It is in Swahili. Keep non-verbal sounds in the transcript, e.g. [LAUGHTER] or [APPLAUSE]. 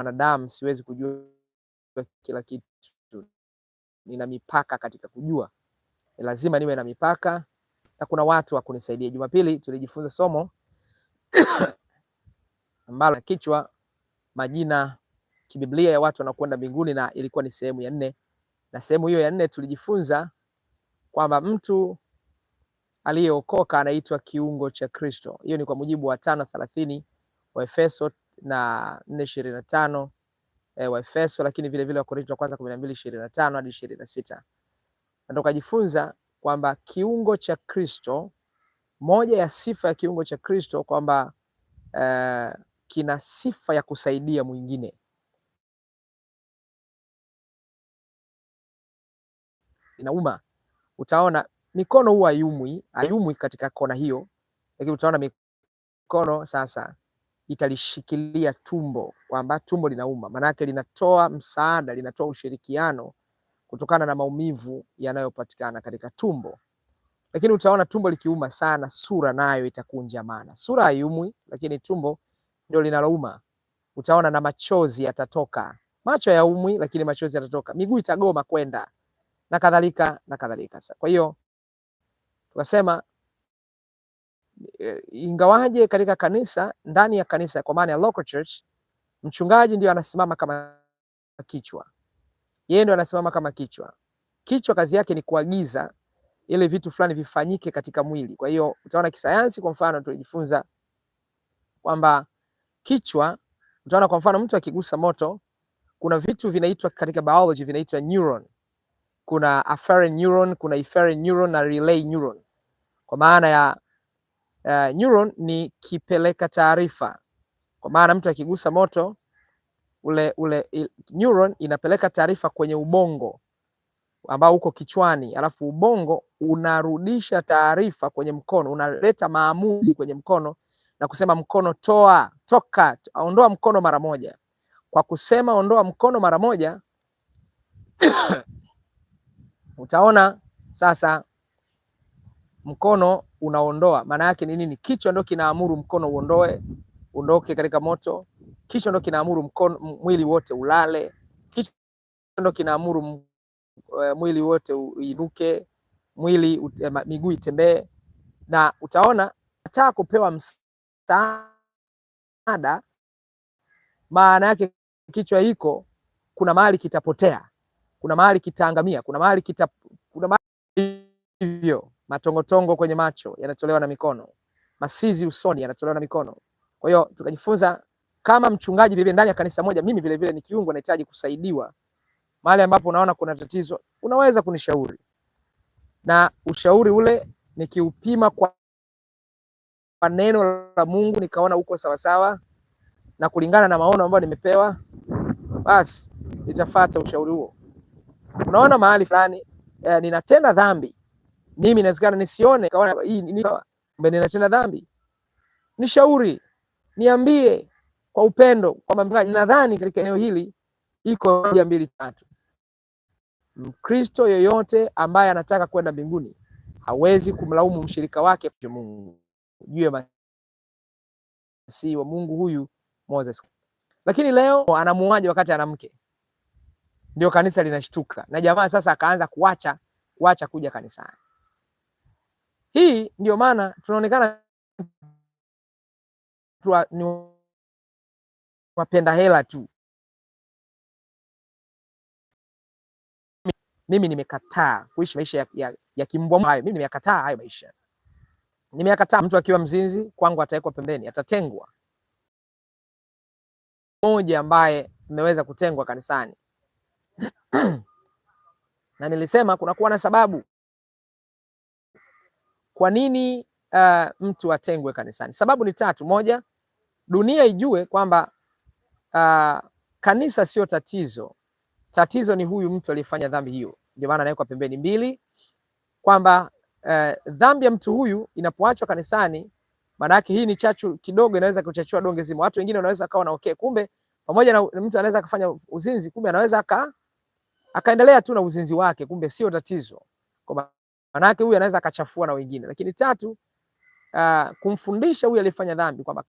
mwanadamu siwezi kujua kila kitu, nina mipaka katika kujua, ni lazima niwe na mipaka na kuna watu wa kunisaidia. Jumapili tulijifunza somo [COUGHS] ambalo na kichwa majina kibiblia ya watu wanaokwenda mbinguni, na ilikuwa ni sehemu ya nne, na sehemu hiyo ya nne tulijifunza kwamba mtu aliyeokoka anaitwa kiungo cha Kristo. Hiyo ni kwa mujibu wa tano thelathini wa Efeso na nne ishirini na tano eh, efeso lakini vilevile vile wa kwanza kumi na mbili ishirini na tano hadi ishirini na sita na tukajifunza kwamba kiungo cha Kristo, moja ya sifa ya kiungo cha Kristo kwamba e, kina sifa ya kusaidia mwingine. Inauma, utaona mikono huwa ayumwi ayumwi katika kona hiyo, lakini utaona mikono sasa italishikilia tumbo kwamba tumbo linauma, maanake linatoa msaada, linatoa ushirikiano kutokana na maumivu yanayopatikana katika tumbo. Lakini utaona tumbo likiuma sana, sura nayo itakunjamana. Sura haiumwi, lakini tumbo ndio linalouma. Utaona na machozi yatatoka. Macho yaumwi, lakini machozi yatatoka. Miguu itagoma kwenda na kadhalika na kadhalika. Kwa hiyo tukasema Eh, ingawaje katika kanisa, ndani ya kanisa, kwa maana ya local church, mchungaji ndio anasimama kama kichwa, yeye ndio anasimama kama kichwa. Kichwa kazi yake ni kuagiza ile vitu fulani vifanyike katika mwili. Kwa hiyo utaona kisayansi, kwa mfano tulijifunza kwamba kichwa, utaona kwa mfano mtu akigusa moto, kuna vitu vinaitwa katika biology vinaitwa neuron. Kuna afferent neuron, kuna efferent neuron na relay neuron, kwa maana ya uh, neuron ni kipeleka taarifa, kwa maana mtu akigusa moto ule, ule il, neuron inapeleka taarifa kwenye ubongo ambao uko kichwani, alafu ubongo unarudisha taarifa kwenye mkono, unaleta maamuzi kwenye mkono na kusema mkono toa, toka, ondoa mkono mara moja. Kwa kusema ondoa mkono mara moja [COUGHS] utaona sasa mkono unaondoa. Maana yake ni nini? Kichwa ndio kinaamuru mkono uondoe, uondoke katika moto. Kichwa ndio kinaamuru mkono, mwili wote ulale. Kichwa ndio kinaamuru e, mwili wote uinuke, mwili e, miguu itembee. Na utaona hata kupewa msaada, maana yake kichwa hiko kuna mahali kitapotea, kuna mahali kitaangamia, kuna mahali kita, kuna mahali hivyo matongotongo kwenye macho yanatolewa na mikono, masizi usoni yanatolewa na mikono. Kwa hiyo tukajifunza kama mchungaji vile ndani ya kanisa moja, mimi vile vile ni kiungo, nahitaji kusaidiwa mahali ambapo unaona kuna tatizo, unaweza kunishauri na ushauri ule nikiupima kwa kwa neno la Mungu, nikaona uko sawa sawa na kulingana na maono ambayo nimepewa, basi nitafuata ushauri huo. Unaona mahali fulani eh, ninatenda dhambi mimi inawezekana nisione kaona hii ni sawa, kumbe ninatenda dhambi. Nishauri, niambie kwa upendo kwamba nadhani katika eneo hili iko moja mbili tatu. Mkristo yoyote ambaye anataka kwenda mbinguni hawezi kumlaumu mshirika wake Mungu juu ya masihi wa Mungu huyu Moses. Lakini leo anamuaje wakati ana mke? Ndio kanisa linashtuka na jamaa sasa akaanza kuacha kuacha kuja kanisani hii ndio maana tunaonekana ni wapenda hela tu. Mimi nimekataa kuishi maisha ya, ya, ya kimbwa hayo. Mimi nimekataa hayo maisha, nimekataa Mtu akiwa mzinzi kwangu atawekwa pembeni, atatengwa. Mmoja ambaye mmeweza kutengwa kanisani [CLEARS THROAT] na nilisema kunakuwa na sababu kwa nini uh, mtu atengwe kanisani? Sababu ni tatu. Moja, dunia ijue kwamba uh, kanisa sio tatizo, tatizo ni huyu mtu aliyefanya dhambi hiyo, ndio maana anawekwa pembeni. Mbili, kwamba uh, dhambi ya mtu huyu inapoachwa kanisani, maana yake hii ni chachu kidogo, inaweza kuchachua donge zima. Watu wengine wanaweza kawa na okay, kumbe pamoja na mtu anaweza akafanya uzinzi, kumbe anaweza aka akaendelea tu na uzinzi wake, kumbe sio tatizo kwa Maanake huyu anaweza akachafua na wengine. Lakini tatu, uh, kumfundisha huyu aliyefanya dhambi kwamba